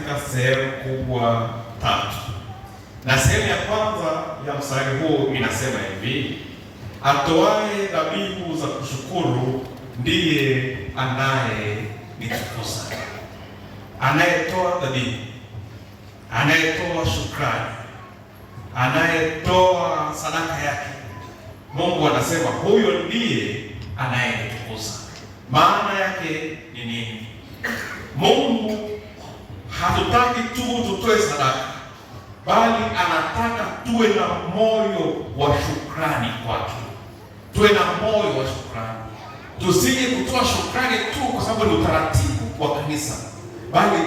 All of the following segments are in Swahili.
katika sehemu kubwa tatu, na sehemu ya kwanza ya mstari huu inasema hivi: atoaye dhabihu za kushukuru ndiye anayenitakasa. Anayetoa dhabihu, anayetoa shukrani, anayetoa sadaka yake, Mungu anasema huyo ndiye anayenitukuza. Maana yake bali anataka tuwe na moyo wa shukrani kwake, tuwe na moyo wa shukrani, tusije kutoa shukrani tu kwa sababu ni utaratibu wa kanisa, bali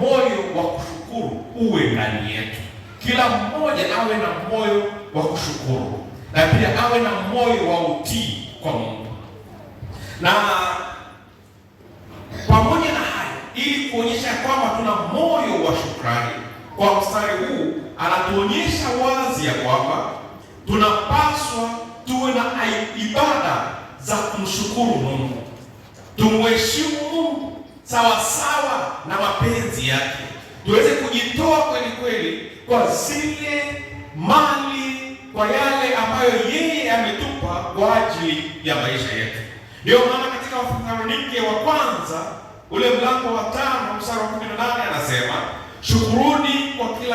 moyo wa kushukuru uwe ndani yetu. Kila mmoja awe na moyo wa kushukuru na pia awe na moyo wa utii kwa Mungu. Na pamoja na hayo, ili kuonyesha kwamba tuna moyo wa shukrani kwa mstari huu anatuonyesha wazi ya kwamba tunapaswa tuwe na ibada za kumshukuru Mungu, tumheshimu Mungu sawasawa na mapenzi yake, tuweze kujitoa kweli kweli kwa zile mali, kwa yale ambayo yeye ametupa kwa ajili ya maisha yetu. Ndiyo maana katika Wathesalonike wa kwanza ule mlango wa tano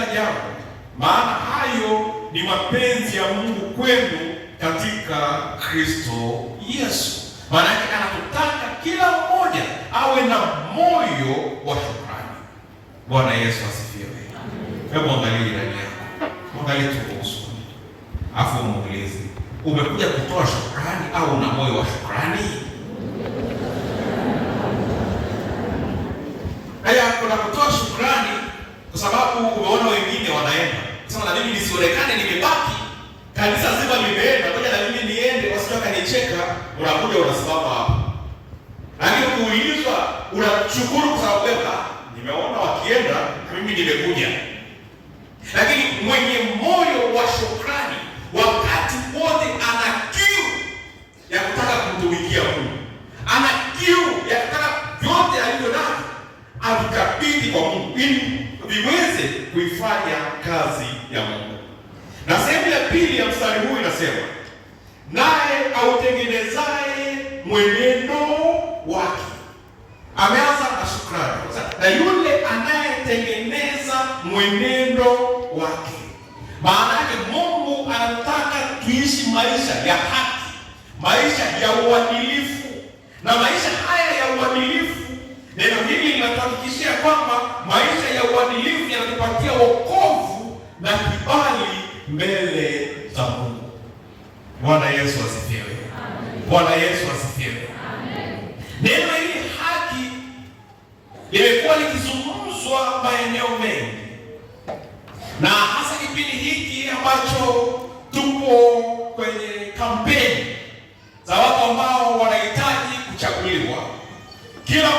kila jambo, maana hayo ni mapenzi ya Mungu kwenu katika Kristo Yesu. Maana yake anatutaka kila mmoja awe na moyo wa shukrani. Bwana Yesu asifiwe. Hebu angalie jirani yako, angalie tu kwa usoni, afu muulize, umekuja kutoa shukrani au una moyo wa shukrani? Haya, kuna kutoa shukrani kwa sababu umeona wengine wanaenda sema, na mimi nisionekane, nimebaki kanisa zima limeenda, ngoja na mimi niende, wasije wakanicheka. Unakuja unasimama hapo, lakini kuulizwa unashukuru kwa sababu ah, nimeona wakienda, mimi nimekuja, lakini mwenye moyo wa kufanya kazi ya Mungu. Na sehemu ya pili ya mstari huu inasema, naye autengenezaye mwenendo wake. Ameanza na shukrani, na yule anayetengeneza mwenendo wake, maana yake Mungu anataka tuishi maisha ya haki, maisha ya uadilifu, na maisha haya ya uadilifu, neno hili linatuhakikishia kwamba maisha ya uadilifu yanatupatia wokovu na kibali mbele za Mungu. Bwana Yesu asifiwe. Bwana Yesu asifiwe. Neno hili haki limekuwa likizungumzwa maeneo mengi, na hasa kipindi hiki ambacho tupo kwenye kampeni za watu ambao wanahitaji kuchaguliwa kila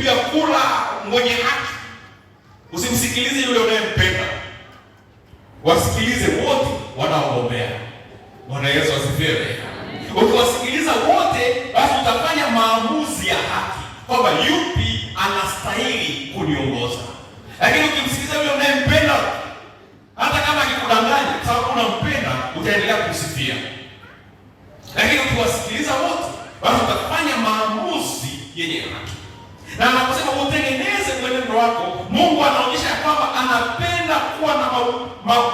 kupiga kula mwenye haki. Usimsikilize yule unayempenda, wasikilize wote wanaogombea. Bwana Yesu asifiwe. Ukiwasikiliza wote, basi utafanya maamuzi ya haki kwamba yupi anastahili kuniongoza. Lakini ukimsikiliza yule unayempenda, hata kama akikudanganya, sababu unampenda, utaendelea kusifia. Lakini ukiwasikiliza wote, basi utafanya na anaposema utengeneze mwenendo wako, Mungu anaonyesha kwamba anapenda kuwa na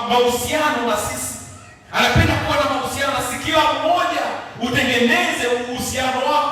mahusiano na sisi, anapenda kuwa na mahusiano na sikiwa moja. Utengeneze uhusiano wako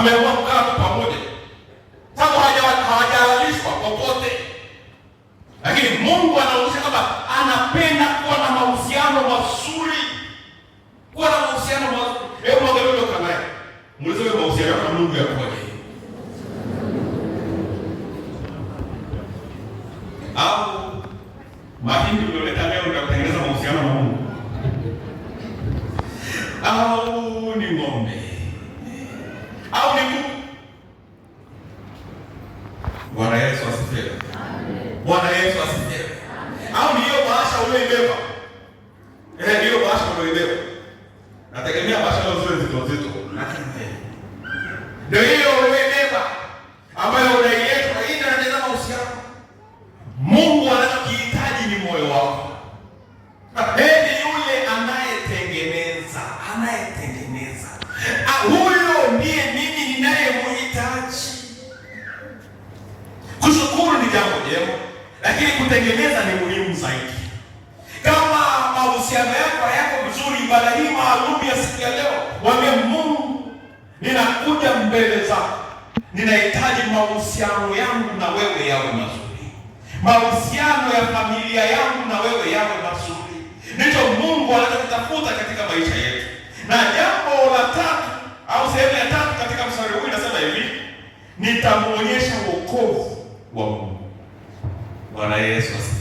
wameamua kukaa tu pamoja, popote, lakini Mungu anaonyesha kwamba anapenda kuwa na mahusiano mazuri, kuwa na mahusiano mazuri. Hebu muulize mahusiano na Mungu yakoje? au mahindi ulioleta Bwana Yesu asifiwe. Au ni ndiyo bahasha ulioibeba? Eh, ndiyo bahasha ulioibeba. Nategemea bahasha leo ziwe nzito nzito. Ndio hiyo ulioibeba ambayo kutengeneza ni muhimu zaidi. Kama mahusiano yako hayako mzuri, ibada hii maalum ya siku ya leo, mwambie Mungu, ninakuja mbele zako, ninahitaji mahusiano yangu na wewe yawe mazuri, mahusiano ya familia yangu na wewe yawe mazuri. Ndicho Mungu anachokitafuta katika maisha yetu. Na jambo la tatu au sehemu ya tatu katika mstari huu inasema hivi, nitamuonyesha wokovu wa Mungu. para esos